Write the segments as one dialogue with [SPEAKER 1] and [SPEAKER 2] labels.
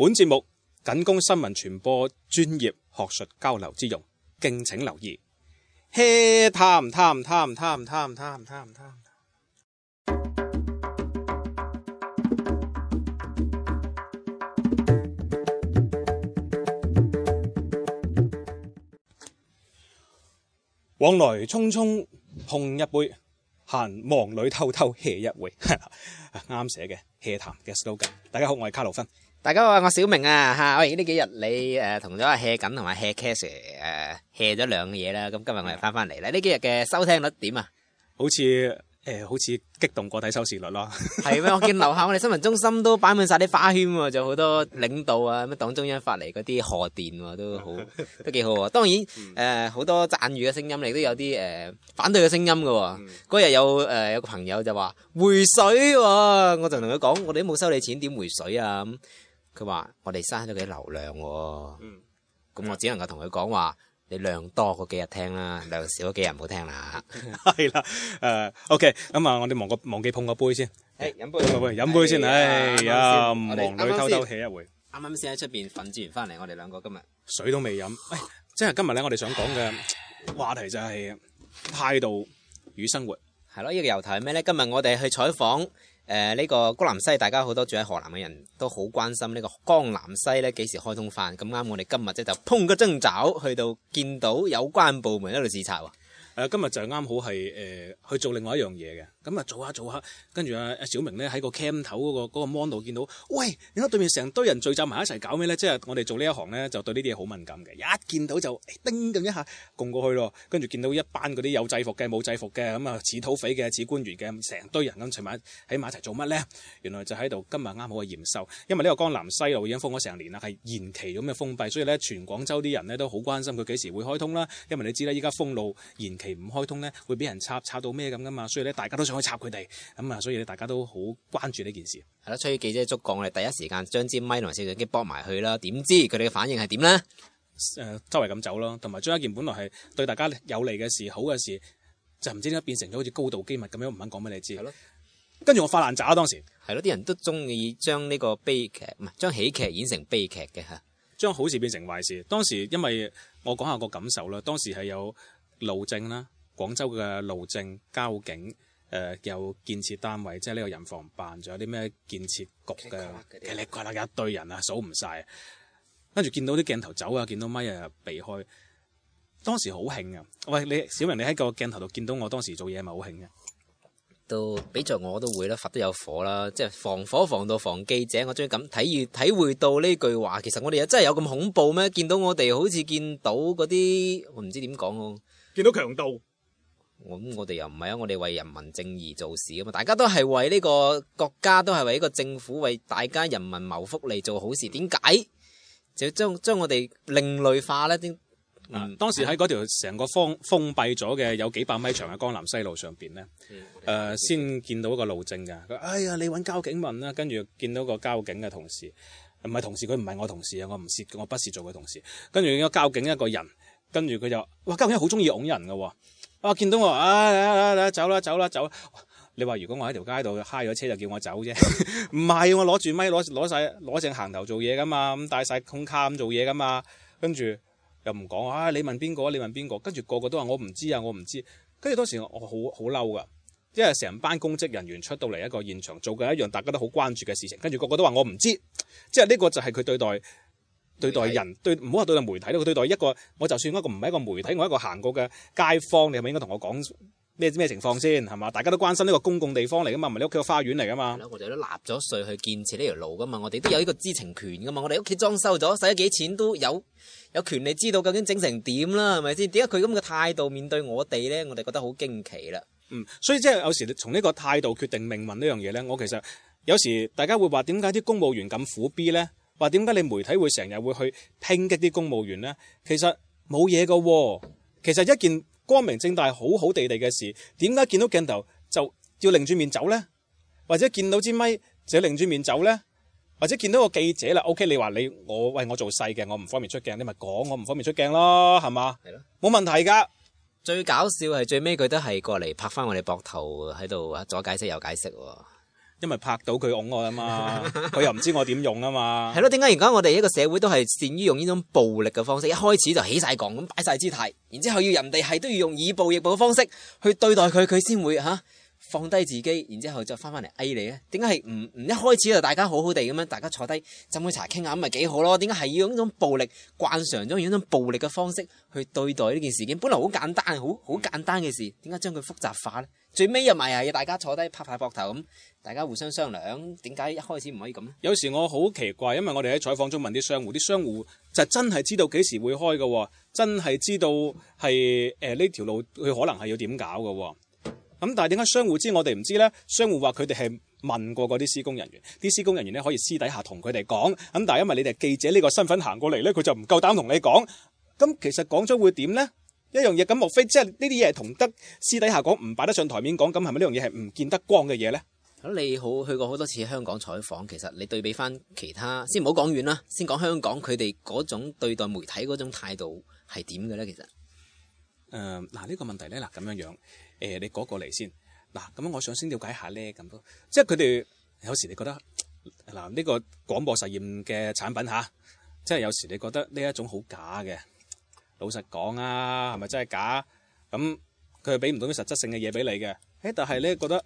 [SPEAKER 1] 本節目僅供新聞傳播專業學術交流之用，敬請留意。hea，談談談談談談談談。往來匆匆碰一杯，閒
[SPEAKER 2] 忙裏偷偷 hea 一回。啱寫嘅，hea 談嘅 slogan。大家好，我係卡路芬。大家好，我小明啊吓，我而呢幾日你誒同咗阿 hea 緊同埋 hea cash 誒，hea 咗兩嘢啦。咁今日我哋翻翻嚟啦，呢幾日嘅收聽率點啊？好似誒，好似激動過睇收視率咯。係咩？我見樓下我哋新聞中心都擺滿晒啲花圈喎，仲好多領導啊，咩黨中央發嚟嗰啲賀電喎，都好都幾好。當然誒，好多讚語嘅聲音，亦都有啲誒反對嘅聲音噶。嗰日有誒有個朋友就話回水喎，我就同佢講，我哋都冇收你錢，點回水啊咁。佢話：我哋嘥咗幾流量喎，咁我只能夠同佢講話，你量多嗰幾日聽啦，量少嗰幾日唔好聽啦嚇。係啦，誒，OK，
[SPEAKER 1] 咁啊，我哋忘個忘記碰個杯先，
[SPEAKER 2] 飲杯飲
[SPEAKER 1] 杯飲杯先，哎呀，忙裏偷偷 hea 一回。
[SPEAKER 2] 啱啱先喺出邊訓完翻嚟，我哋兩個今日
[SPEAKER 1] 水都未飲。喂，即係今日
[SPEAKER 2] 咧，我哋想講嘅話題就係態度與生活。係咯，呢個油題係咩咧？今日我哋去採訪。誒，呢、呃這個江南西，大家好多住喺河南嘅人都好關心呢個江南西咧，幾時開通返？咁啱，我哋今日即就碰個正着去到見到有關部門喺度視察喎。誒、呃，今日就啱好係誒、呃、去做另外一樣
[SPEAKER 1] 嘢嘅。咁啊做下做下，跟住阿阿小明呢喺個 cam 頭嗰、嗰個 mon 度、嗰個、見到，喂！你睇對面成堆人聚集埋一齊搞咩呢？即係我哋做呢一行呢，就對呢啲嘢好敏感嘅，一見到就、哎、叮咁一下，共過去咯。跟住見到一班嗰啲有制服嘅、冇制服嘅，咁啊似土匪嘅、似官員嘅，成堆人咁尋晚喺埋一齊做乜呢？原來就喺度今日啱好係驗收，因為呢個江南西路已經封咗成年啦，係延期咁嘅封閉，所以呢，全廣州啲人呢都好關心佢幾時會開通啦。因為你知啦，依家封路延期唔開通呢，會俾人插插到咩咁噶嘛，所以呢大家都想。插佢哋咁啊！所以咧，大家都好關注呢件事。
[SPEAKER 2] 係咯，隨記者觸角，我哋第一時間將支咪同埋攝像機卜埋去啦。點知佢哋嘅反應係點咧？誒、呃，周圍咁走咯，同埋將一件本來係對大家有利嘅事，好嘅事，就唔知點解變成咗好似高度機密咁
[SPEAKER 1] 樣，唔肯講俾你知。係咯的。跟住我發爛渣啊！當時係咯，啲人都中意將呢個悲劇唔係將喜劇演成悲劇嘅嚇，將好事變成壞事。當時因為我講下個感受啦，當時係有路政啦，廣州嘅路政交警。誒有，呃、建設單位，即係呢個人防辦，仲有啲咩建設局嘅，奇怪辣一堆人啊，數唔晒。跟住見到啲鏡頭走啊，見到咪啊避開。
[SPEAKER 2] 當時好興啊！喂，你小明，你喺個鏡頭度見到我當時做嘢係咪好興嘅？都比著我都會啦，佛都有火啦，即係防火防盜防記者。我最感體越體會到呢句話，其實我哋真係有咁恐怖咩？見到我哋好似見到嗰啲，我唔知點講喎。見到強盜。我咁，我哋又唔係啊！我哋為人民正義做事噶嘛，大家都係為呢個國家，都係為呢個政府，為大家人民謀福利做好事。點解就將將我哋另類化咧，嗯啊？
[SPEAKER 1] 當時喺嗰條成個封封閉咗嘅有幾百米長嘅江南西路上邊咧，誒、嗯，呃、先見到一個路政噶。佢，哎呀，你揾交警問啦。跟住見到個交警嘅同事，唔係同事，佢唔係我同事啊！我唔是，我不是做佢同事。跟住個交警一個人，跟住佢就，哇，交警好中意㧬人噶。啊！見到我啊！嚟嚟嚟，走啦走啦走啦，哦！你話如果我喺條街度嗨咗車，就叫我走啫？唔 係，我攞住咪攞攞曬攞正行頭做嘢噶嘛？咁帶晒胸卡咁做嘢噶嘛？跟住又唔講啊！你問邊個？你問邊個？跟住個個都話我唔知啊！我唔知。跟住當時我好好嬲噶，因為成班公職人員出到嚟一個現場做嘅一樣，大家都好關注嘅事情，跟住個個都話我唔知。即係呢個就係佢對待。對待人對唔好話對待媒體咯，對待一個我就算一個唔係一個媒體，我一個行過嘅街坊，你係咪應該同我講咩咩情況先係嘛？大家都關
[SPEAKER 2] 心呢個公共地方嚟噶嘛，唔係你屋企個花園嚟㗎嘛？我哋都納咗稅去建設呢條路㗎嘛，我哋都有呢個知情權㗎嘛。我哋屋企裝修咗使咗幾錢都有有權利知道究竟整成點啦，係咪先？點解佢咁嘅態度面對我哋咧？我哋覺得好驚奇啦。嗯，所以即係有時
[SPEAKER 1] 從呢個態度決定命運呢樣嘢咧。我其實有時大家會話點解啲公務員咁苦逼咧？話點解你媒體會成日會去抨擊啲公務員呢？其實冇嘢噶其實一件光明正大、好好地地嘅事，點解見到鏡頭就要擰住面走呢？或者見到支咪就要擰住面走呢？或者見到個記者啦，OK，你話你我喂我做細嘅，我唔方便出鏡，你咪講我唔方便出鏡咯，係嘛？係
[SPEAKER 3] 咯，
[SPEAKER 2] 冇問題噶最搞笑係最尾佢都係過嚟拍翻我哋膊頭喺度，左解釋右解釋。因為拍到佢㧬我啊嘛，佢又唔知我點用啊嘛。係咯， 點解而家我哋一個社會都係善於用呢種暴力嘅方式，一開始就起晒槓咁擺晒姿態，然之後要人哋係都要用以暴易暴嘅方式去對待佢，佢先會吓、啊、放低自己，然之後再翻翻嚟哎，你咧。點解係唔唔一開始就大家好好地咁樣，大家坐低浸杯茶傾下咁咪幾好咯？點解係要用呢種暴力慣常咗，用呢種暴力嘅方式去對待呢件事件？本來好簡單，好好簡單嘅事，點解將佢複雜化呢？最尾又咪要大家坐低拍拍膊頭咁，大家互相商量。點解一開始唔可以咁？有時我好奇
[SPEAKER 1] 怪，因為我哋喺採訪中問啲商戶，啲商戶就真係知道幾時會開嘅，真係知道係誒呢條路佢可能係要點搞嘅。咁但係點解商戶知我哋唔知呢？商戶話佢哋係問過嗰啲施工人員，啲施工人員咧可以私底下同佢哋講。咁但係因為你哋係記者呢個身份行過嚟呢，佢就唔夠膽同你講。咁其實講咗會點呢？一樣嘢，咁，莫非即係呢啲嘢係同得私底下講，唔擺得上台面講咁，係咪呢樣嘢係
[SPEAKER 2] 唔見得光嘅嘢呢？你好，去過好多次香港採訪，其實你對比返其他，先唔好講遠啦，先講香港佢哋嗰種對待媒體嗰種態度係點嘅呢？其實、呃，誒，嗱呢個問題呢，嗱咁樣樣，誒、呃，你講過嚟先，嗱、呃、咁
[SPEAKER 1] 我想先了解下呢，咁都，即係佢哋有時你覺得嗱呢、呃這個廣播實驗嘅產品吓、啊，即係有時你覺得呢一種好假嘅。老實講啊，係咪真係假？咁佢又俾唔到啲實質性嘅嘢俾你嘅。誒，但係咧覺得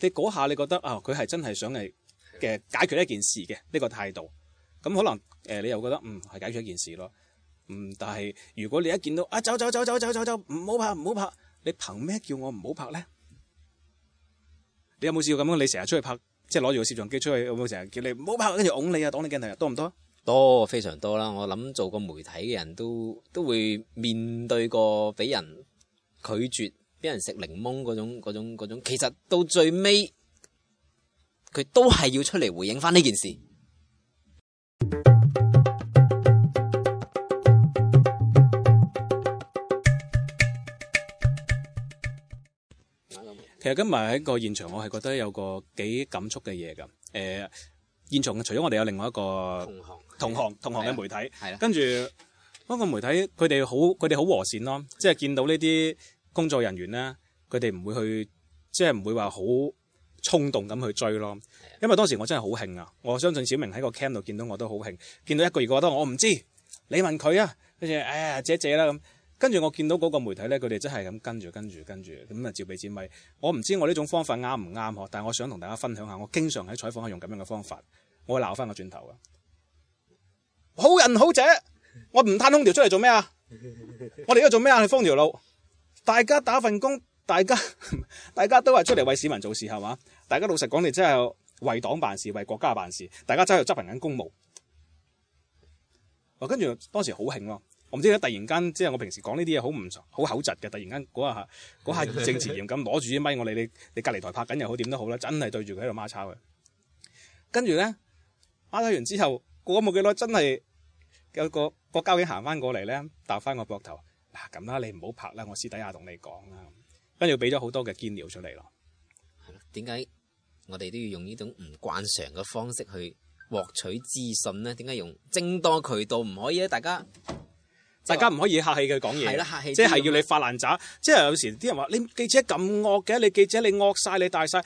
[SPEAKER 1] 你嗰下你覺得啊，佢係、哦、真係想係嘅解決一件事嘅呢、呢個態度。咁、嗯、可能誒、呃，你又覺得嗯係解決一件事咯。嗯，但係如果你一見到啊走走走走走走走，唔好拍唔好拍，你憑咩叫我唔好拍咧？你有冇試過咁樣啊？你成日出去拍，即係攞住個攝像機出去，有冇成日叫你唔好拍，跟住㧬你啊，擋你
[SPEAKER 2] 鏡頭多唔多？多，非常多啦！我諗做過媒體嘅人都都會面對過俾人拒絕、俾人食檸檬嗰種、嗰種、嗰種。其實到最尾，佢都係要出嚟回應翻呢件事。
[SPEAKER 1] 其實今日喺個現場，我係覺得有個幾感觸嘅嘢噶，誒、呃。現場除咗我哋有另外一個同行同行同行嘅媒體，跟住嗰個媒體佢哋好佢哋好和善咯，即係見到呢啲工作人員咧，佢哋唔會去即係唔會話好衝動咁去追咯。因為當時我真係好兇啊，我相信小明喺個 cam 度見到我都好兇，見到一個二個都我唔知，你問佢啊，跟住哎呀借借啦咁。謝謝。跟住我見到嗰個媒體呢，佢哋真係咁跟住跟住跟住，咁啊照俾錢咪。我唔知我呢種方法啱唔啱，但係我想同大家分享下，我經常喺採訪下用咁樣嘅方法，我會鬧翻個轉頭啊！ 好人好者，我唔攤空調出嚟做咩啊？ 我哋而家做咩啊？你封條路，大家打份工，大家大家都係出嚟為市民做事係嘛？大家老實講，你真係為黨辦事，為國家辦事，大家真係執行緊公務。跟住當時好興咯。我唔知突然間，即係我平時講呢啲嘢好唔好口窒嘅。突然間嗰下嗰下正前言咁攞住啲咪，我你你你隔離台拍緊又好點都好啦。真係對住佢喺度孖抄嘅。跟住咧孖抄完之後過咗冇幾耐，真係有個個交警行翻過嚟咧，搭翻我膊頭
[SPEAKER 2] 嗱咁啦，你唔好拍啦，我私底下同你講啦。跟住俾咗好多嘅堅料出嚟咯。點解我哋都要用呢種唔慣常嘅方式去獲取資訊咧？點解用增多渠道唔可以咧？大家？大家唔可以客氣嘅講嘢，
[SPEAKER 1] 客氣即係要你發爛渣。嗯、即係有時啲人話「你記者咁惡嘅，你記者你惡晒，你大晒。」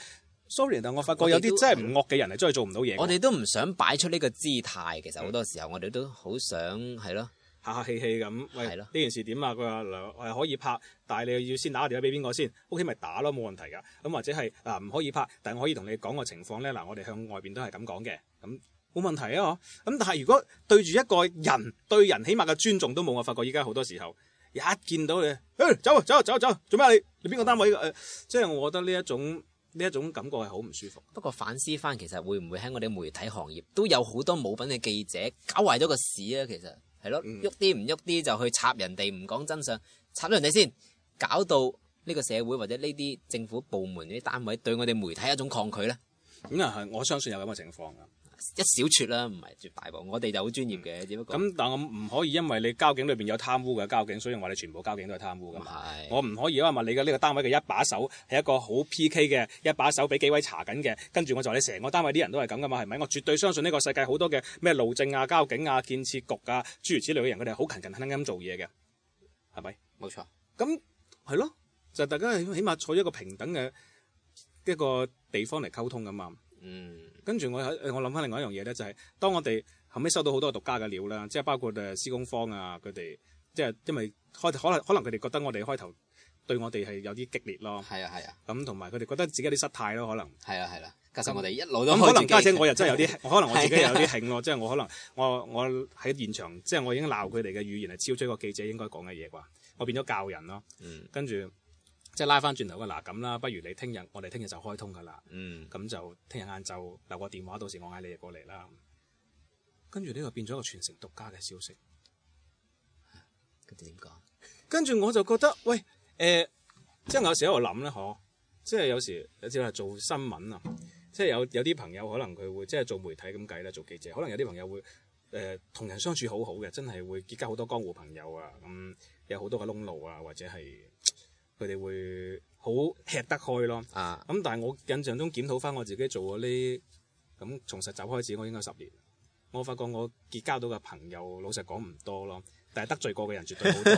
[SPEAKER 1] Sorry，但我發覺有啲真係
[SPEAKER 2] 唔惡嘅人係真係做唔到嘢。嗯、我哋都唔想擺出呢個姿態，其實好多時候我哋都好想係咯，客客氣氣咁。喂，係咯，呢件事點啊？佢
[SPEAKER 1] 話誒可以拍，但係你要先打個電話俾邊個先？OK，咪打咯，冇問題㗎。咁或者係嗱唔可以拍，但我可以同你講個情況咧。嗱，我哋向外邊都係咁講嘅咁。冇問題啊！嗬，咁但係如果對住一個人，對人起碼嘅尊重都冇，我發覺依家好多時候一
[SPEAKER 2] 見到你，誒，走啊，走走走，做咩、啊？你你邊個單位誒，嗯、即係我覺得呢一種呢一種感覺係好唔舒服。不過反思翻，其實會唔會喺我哋媒體行業都有好多冇品嘅記者搞壞咗個市啊？其實係咯，喐啲唔喐啲就去插人哋，唔講真相，插咗人哋先，搞到呢個社會或者呢啲政府部門呢啲單位對我哋媒體一種抗拒呢？咁啊係，我相信有咁嘅情況。一小撮啦，唔係
[SPEAKER 1] 絕大部。我哋就好專業嘅，只不過咁，但我唔可以因為你交警裏邊有貪污嘅交警，所以話你全部交警都係貪污噶嘛？我唔可以，因為你嘅呢個單位嘅一把手係一個好 PK 嘅一把手，俾紀委查緊嘅，跟住我就話你成個單位啲人都係咁噶嘛？係咪？我絕對相信呢個世界好多嘅咩路政啊、交警啊、建設局啊諸如此類嘅人，佢哋好勤勤懇懇咁做嘢嘅，係咪？冇錯，咁係咯，就大家起起碼坐一個平等嘅一個地方嚟溝通噶嘛。嗯。跟住我喺我諗翻另外一樣嘢咧，就係、是、當我哋後尾收到好多獨家嘅料啦，即係包括誒施工方啊，佢哋即係因為開可能可能佢哋覺得我哋開頭對我哋係有啲激烈咯，係啊係啊，咁同埋佢哋覺得自己有啲失態咯，可能
[SPEAKER 2] 係啊係啦，啊嗯、其實我哋一路都咁可能，加上我又真係有啲，啊、可能我自己有啲
[SPEAKER 1] 興咯，即係、啊、我可能我我喺現場，即、就、係、是、我已經鬧佢哋嘅語言係超出一個記者應該講嘅嘢啩，我變咗教人咯，跟住。嗯。即係拉翻轉頭個嗱咁啦，不如你聽日，我哋聽日就開通噶啦。嗯，咁就聽日晏晝留個電話，到時我嗌你哋過嚟啦。跟住呢個變咗一個全城獨家嘅消息。
[SPEAKER 2] 咁點講？
[SPEAKER 1] 跟住我就覺得，喂，誒、呃，即係有時喺度諗咧，嗬、啊，即係有時只係做新聞啊，即係有有啲朋友可能佢會即係做媒體咁計啦，做記者，可能有啲朋友會誒、呃、同人相處好好嘅，真係會結交好多江湖朋友啊，咁、嗯、有好多個窿路啊，或者係。佢哋會好吃得開咯，咁、啊、但係我印象中檢討翻我自己做過呢，咁從實習開始我應該十年，我發覺我結交到嘅朋友老實講唔多咯，但係得罪過嘅人絕對好多，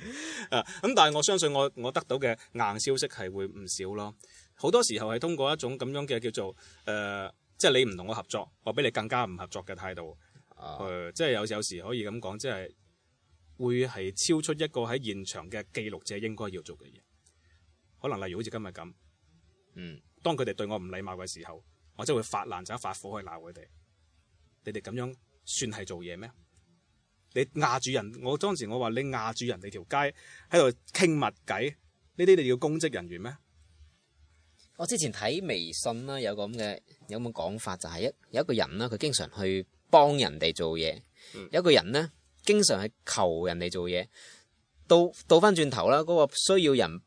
[SPEAKER 1] 咁、 啊、但係我相信我我得到嘅硬消息係會唔少咯，好多時候係通過一種咁樣嘅叫做誒、呃，即係你唔同我合作，我俾你更加唔合作嘅態度，誒、啊、即係有時有時可以咁講，即係。會係超出一個喺現場嘅記錄者應該要做嘅嘢，可能例如好似今日咁，嗯，當佢哋對我唔禮貌嘅時候，我真係會發爛仔發火去鬧佢哋。你哋咁樣算係做嘢咩？你壓住人，我當時我你
[SPEAKER 2] 話你壓住人哋條街喺度傾密偈。」呢啲你哋要公職人員咩？我之前睇微信啦，有個咁嘅有咁嘅講法，就係、是、一有一個人啦，佢經常去幫人哋做嘢，嗯、有一個人呢。經常係求人哋做嘢，到倒翻轉頭啦，嗰、嗰個需要人，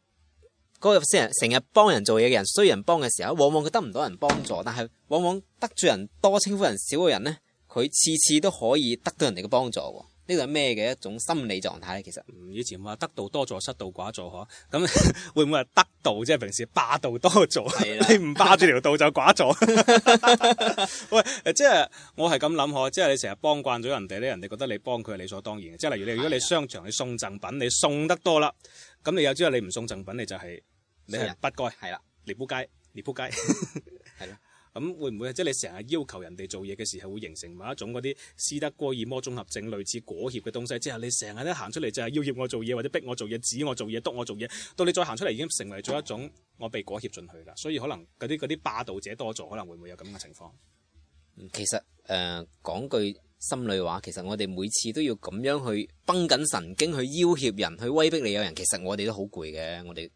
[SPEAKER 2] 嗰、嗰個成日幫人做嘢嘅人，需要人幫嘅時候，往往佢得唔到人幫助，但係往往得罪人多人、稱呼人少嘅人咧，佢次次都可以得到人哋嘅幫助。呢個係咩嘅一種心理狀態咧？其實以前話得道多助，失道寡助嗬。咁 會唔會係得道，即係平時
[SPEAKER 1] 霸道多助？是的 你唔霸住條道就寡助。 喂，誒，即係我係咁諗嗬，即係你成日幫慣咗人哋咧，人哋覺得你幫佢係理所當然嘅。即係例如你，如果你商場你送贈品，你送得多啦，咁你有朝你唔送贈品，你就係、是、是的 你係不該係啦，你扑街，你扑街。咁會唔會即係、就是、你成日要求人哋做嘢嘅時候，會形成某一種嗰啲斯德哥爾摩綜合症類似裹挾嘅東西？之後你成日都行出嚟就係要挾我做嘢，或者逼我做嘢，指我做嘢，督我做嘢，到你再行出嚟已經成為咗一種我被裹挾進去啦。所以可能嗰啲啲霸道者多咗，可能會唔會有咁嘅情況？
[SPEAKER 2] 其實誒講、呃、句心裏話，其實我哋每次都要咁樣去繃緊神經去要挾人，去威逼你有人，其實我哋都好攰嘅，我哋。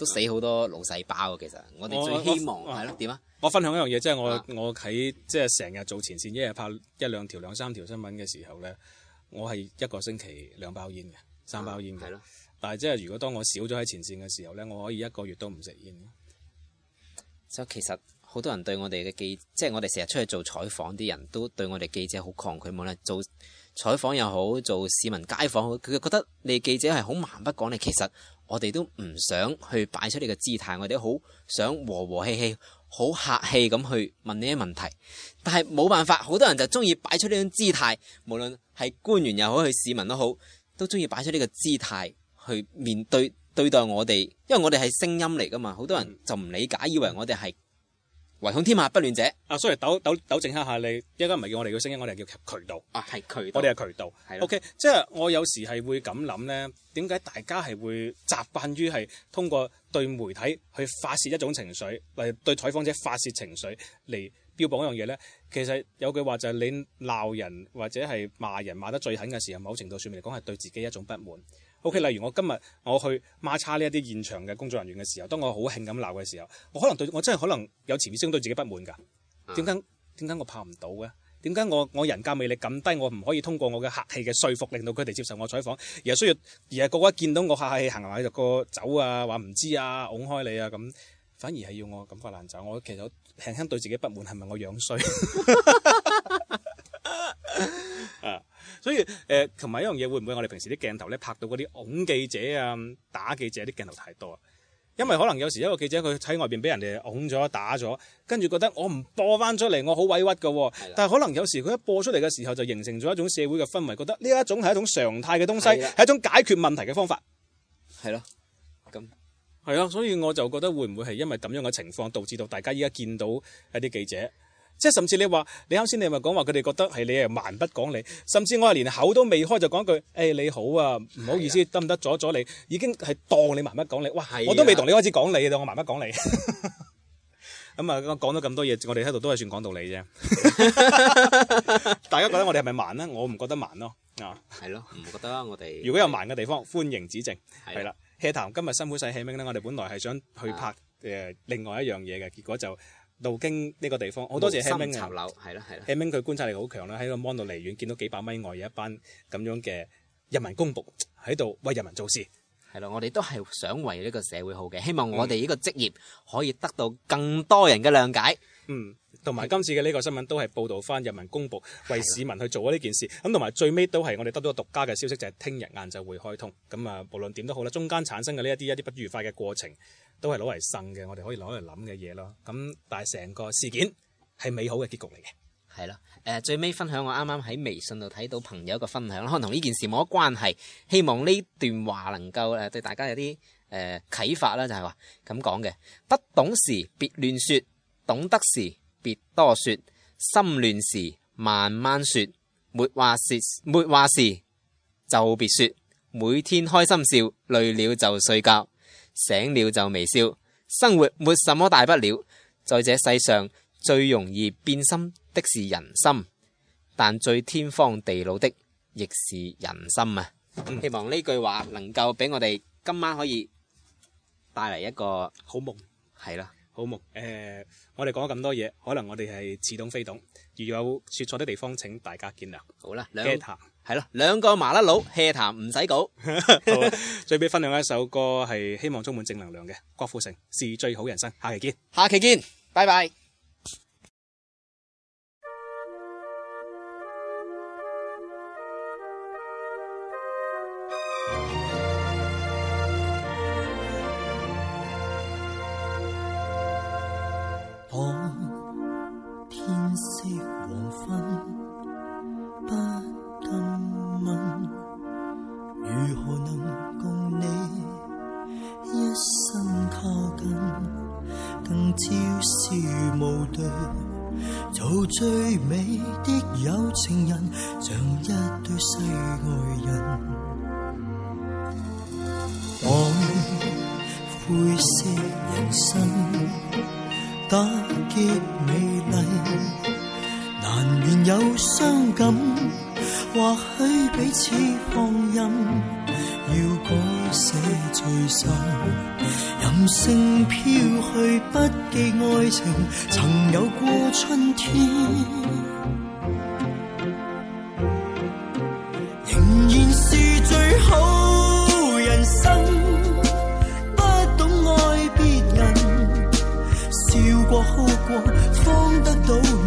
[SPEAKER 2] 都死好多腦細胞啊。其實我哋最希望係咯點啊？我，我，
[SPEAKER 1] 我分享一樣嘢，即係我是的 我喺即係成日做前線，一日拍一兩條兩三條新聞嘅時候呢，我係一個星期兩包煙
[SPEAKER 2] 嘅，三包煙嘅。是的 但係即係如果當我少咗喺前線嘅時候呢，我可以一個月都唔食煙。所以其實好多人對我哋嘅記者，即係我哋成日出去做採訪啲人都對我哋記者好抗拒，無論做採訪又好，做市民街訪，佢覺得你記者係好蠻不講理其實。我哋都唔想去擺出呢個姿態，我哋好想和和氣氣、好客氣咁去問呢啲問題，但係冇辦法，好多人就中意擺出呢種姿態，無論係官員又好，去市民都好，都中意擺出呢個姿態去面對對待我哋，因為我哋係聲音嚟噶嘛，好多人就唔理解，以為我哋係。唯恐天下不亂者啊，所以糾糾糾正一下你，
[SPEAKER 1] 而家唔係叫我哋叫聲音，我哋叫渠道啊，係渠道，我哋係渠道係。OK，
[SPEAKER 2] 即係我有時係會
[SPEAKER 1] 咁諗咧，點解大家係會習慣於係通過對媒體去發洩一種情緒，嚟對採訪者發洩情緒嚟標榜一樣嘢咧？其實有句話就係你鬧人或者係罵人罵得最狠嘅時候，某程度上面嚟講係對自己一種不滿。O.K.，例如我今日我去孖叉呢一啲現場嘅工作人員嘅時候，當我好興咁鬧嘅時候，我可能對我真係可能有潛意識對自己不滿㗎。點解點解我怕唔到嘅？點解我我人格魅力咁低，我唔可以通過我嘅客氣嘅說服，令到佢哋接受我採訪？而係需要，而係個個一見到我客氣行埋就個走啊，話唔知啊，擁開你啊，咁反而係要我咁發難走。我其實我輕輕對自己不滿，係咪我樣衰？ 所以，誒同埋一樣嘢，會唔會我哋平時啲鏡頭咧拍到嗰啲擁記者啊、打記者啲鏡頭太多？因為可能有時一個記者佢喺外邊俾人哋擁咗、打咗，跟住覺得我唔播翻出嚟，我好委屈嘅。的但係可能有時佢一播出嚟嘅時候，就形成咗一種社會嘅氛圍，覺得呢一種係一種常態嘅東西，係的一種解決問題嘅方法。係咯，咁係啊，所以我就覺得會唔會係因為咁樣嘅情況導致到大家依家見到一啲記者？即係甚至你話，你啱先你咪講話佢哋覺得係你係蠻不講理，甚至我係連口都未開就講句，誒、哎、你好啊，唔好意思，是啊、得唔得阻阻你？已經係當你蠻不講理，哇！我都未同你開始講理，但我蠻不講理。咁 啊、嗯，講咗咁多嘢，我哋喺度都係算講道理啫。 大家覺得我哋係咪蠻咧？我唔覺得蠻咯。啊，係 咯，唔覺得我哋如果有蠻嘅地方，歡迎指正。係啦，hea 談今日辛苦晒 hea 名咧，我哋本來係想去拍誒的另外一樣嘢嘅，結果就。路經呢個地方，好多謝希明。啊！係啦係啦，希明佢觀察力好強啦，喺度望到離遠，見到幾百米外有一班咁樣嘅人民公僕
[SPEAKER 2] 喺度為人民做事。係咯，我哋都係想為呢個社會好嘅，希望我哋呢個職業可以得到更多人嘅諒解。嗯。同埋今次嘅呢個新聞都係報導翻，
[SPEAKER 1] 人民公佈為市民去做咗呢件事咁，同埋的最尾都係我哋得到獨家嘅消息，就係聽日晏晝會開通咁啊。無論點都好啦，中間產生嘅呢一啲一啲不愉快嘅過程，都係攞嚟呻嘅。我
[SPEAKER 2] 哋可以攞嚟諗嘅嘢咯。咁但係成個事件係美好嘅結局嚟嘅，係咯。誒、呃、最尾分享我啱啱喺微信度睇到朋友嘅分享，可能同呢件事冇乜關係。希望呢段話能夠誒對大家有啲誒啟發啦，就係話咁講嘅，不懂時別亂説，懂得時。別多說，心亂時慢慢說，沒話時沒話時就別說。每天開心笑，累了就睡覺，醒了就微笑。生活沒什麼大不了，在這世上最容易變心的是人心，但最天荒地老的亦是人心啊！嗯、希望呢句話能夠俾我哋今晚可以帶嚟一個好夢，係啦。好木，誒、呃，我哋講咗咁多嘢，可能我哋係似懂非懂，如有
[SPEAKER 1] 說錯的地方，請大家見諒。好啦，兩談係咯，兩個麻甩佬 hea 談唔使稿。 吧 最尾分享一首歌，係希望充滿正能量嘅，郭富城是最好
[SPEAKER 3] 人生。下期見，下期見，拜拜。拜拜背灰色人生，打擊美麗，難免有傷感。或許彼此放任，要改寫罪行，任性飄去，不記愛情曾有過春天。